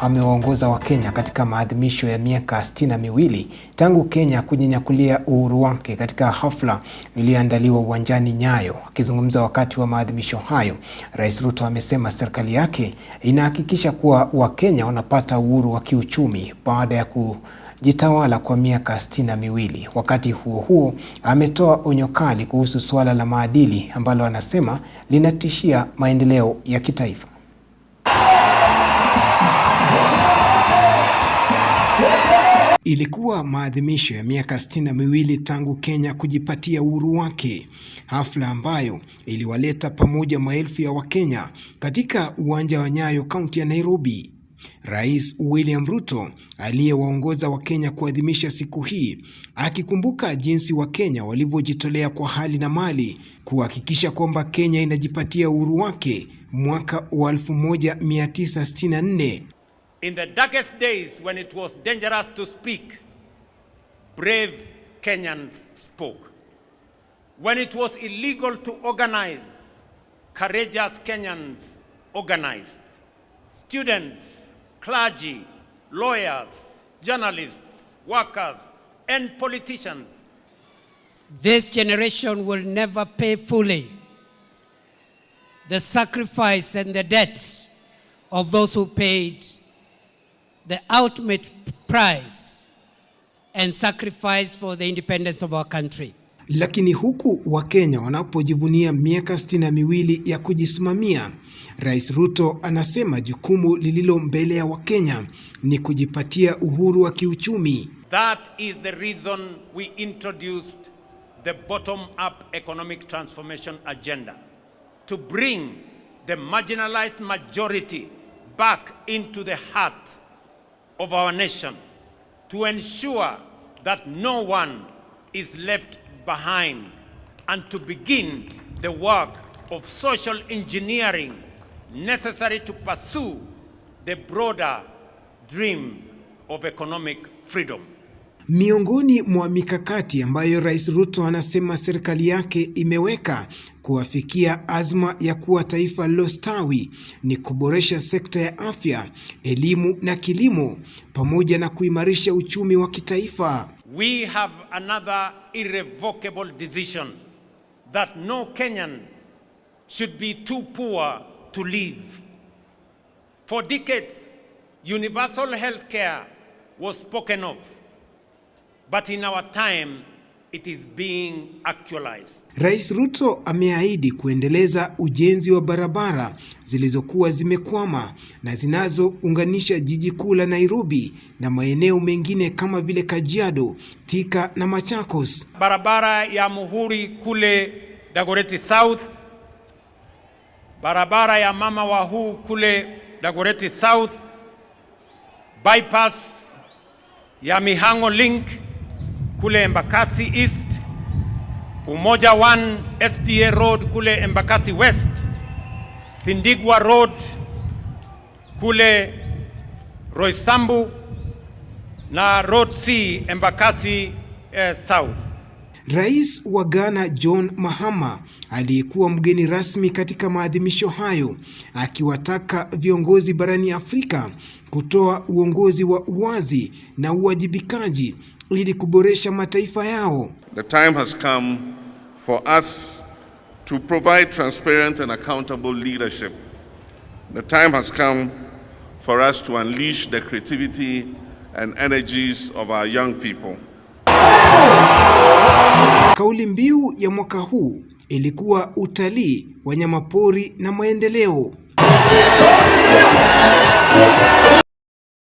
amewaongoza Wakenya katika maadhimisho ya miaka sitini na miwili tangu Kenya kujinyakulia uhuru wake katika hafla iliyoandaliwa uwanjani Nyayo. Akizungumza wakati wa maadhimisho hayo, Rais Ruto amesema serikali yake inahakikisha kuwa Wakenya wanapata uhuru wa kiuchumi baada ya ku jitawala kwa miaka sitini na miwili. Wakati huo huo, ametoa onyo kali kuhusu suala la maadili ambalo anasema linatishia maendeleo ya kitaifa. Ilikuwa maadhimisho ya miaka sitini na miwili tangu Kenya kujipatia uhuru wake, hafla ambayo iliwaleta pamoja maelfu ya Wakenya katika uwanja wa Nyayo, kaunti ya Nairobi. Rais William Ruto aliyewaongoza Wakenya kuadhimisha siku hii akikumbuka jinsi Wakenya walivyojitolea kwa hali na mali kuhakikisha kwamba Kenya inajipatia uhuru wake mwaka wa 1964. In the darkest days when it was dangerous to speak, brave Kenyans spoke. When it was illegal to organize, courageous Kenyans organized. Students, clergy, lawyers, journalists, workers, and politicians. This generation will never pay fully the sacrifice and the debt of those who paid the ultimate prize and sacrifice for the independence of our country. Lakini huku Wakenya wanapojivunia miaka sitini na miwili ya kujisimamia, Rais Ruto anasema jukumu lililo mbele ya Wakenya ni kujipatia uhuru wa kiuchumi. That is the reason we introduced the bottom up economic transformation agenda to bring the marginalized majority back into the heart of our nation to ensure that no one is left behind and to begin the work of social engineering necessary to pursue the broader dream of economic freedom. Miongoni mwa mikakati ambayo Rais Ruto anasema serikali yake imeweka kuafikia azma ya kuwa taifa lilostawi ni kuboresha sekta ya afya, elimu na kilimo pamoja na kuimarisha uchumi wa kitaifa. We have another irrevocable decision that no Kenyan should be too poor to live. For decades, universal health care was spoken of but in our time it is being actualized. Rais Ruto ameahidi kuendeleza ujenzi wa barabara zilizokuwa zimekwama na zinazounganisha jiji kuu la Nairobi na maeneo mengine kama vile Kajiado, Thika na Machakos. Barabara ya Muhuri kule Dagoretti South, barabara ya Mama Wahu kule Dagoretti South, bypass ya Mihango Link kule Embakasi East, Umoja 1 SDA Road kule Embakasi West, Tindigwa Road kule Roysambu na Road C Embakasi eh, South. Rais wa Ghana John Mahama aliyekuwa mgeni rasmi katika maadhimisho hayo akiwataka viongozi barani Afrika kutoa uongozi wa uwazi na uwajibikaji ili kuboresha mataifa yao. The time has come for us to provide transparent and accountable leadership. The time has come for us to unleash the creativity and energies of our young people. Kauli mbiu ya mwaka huu ilikuwa utalii, wanyamapori na maendeleo.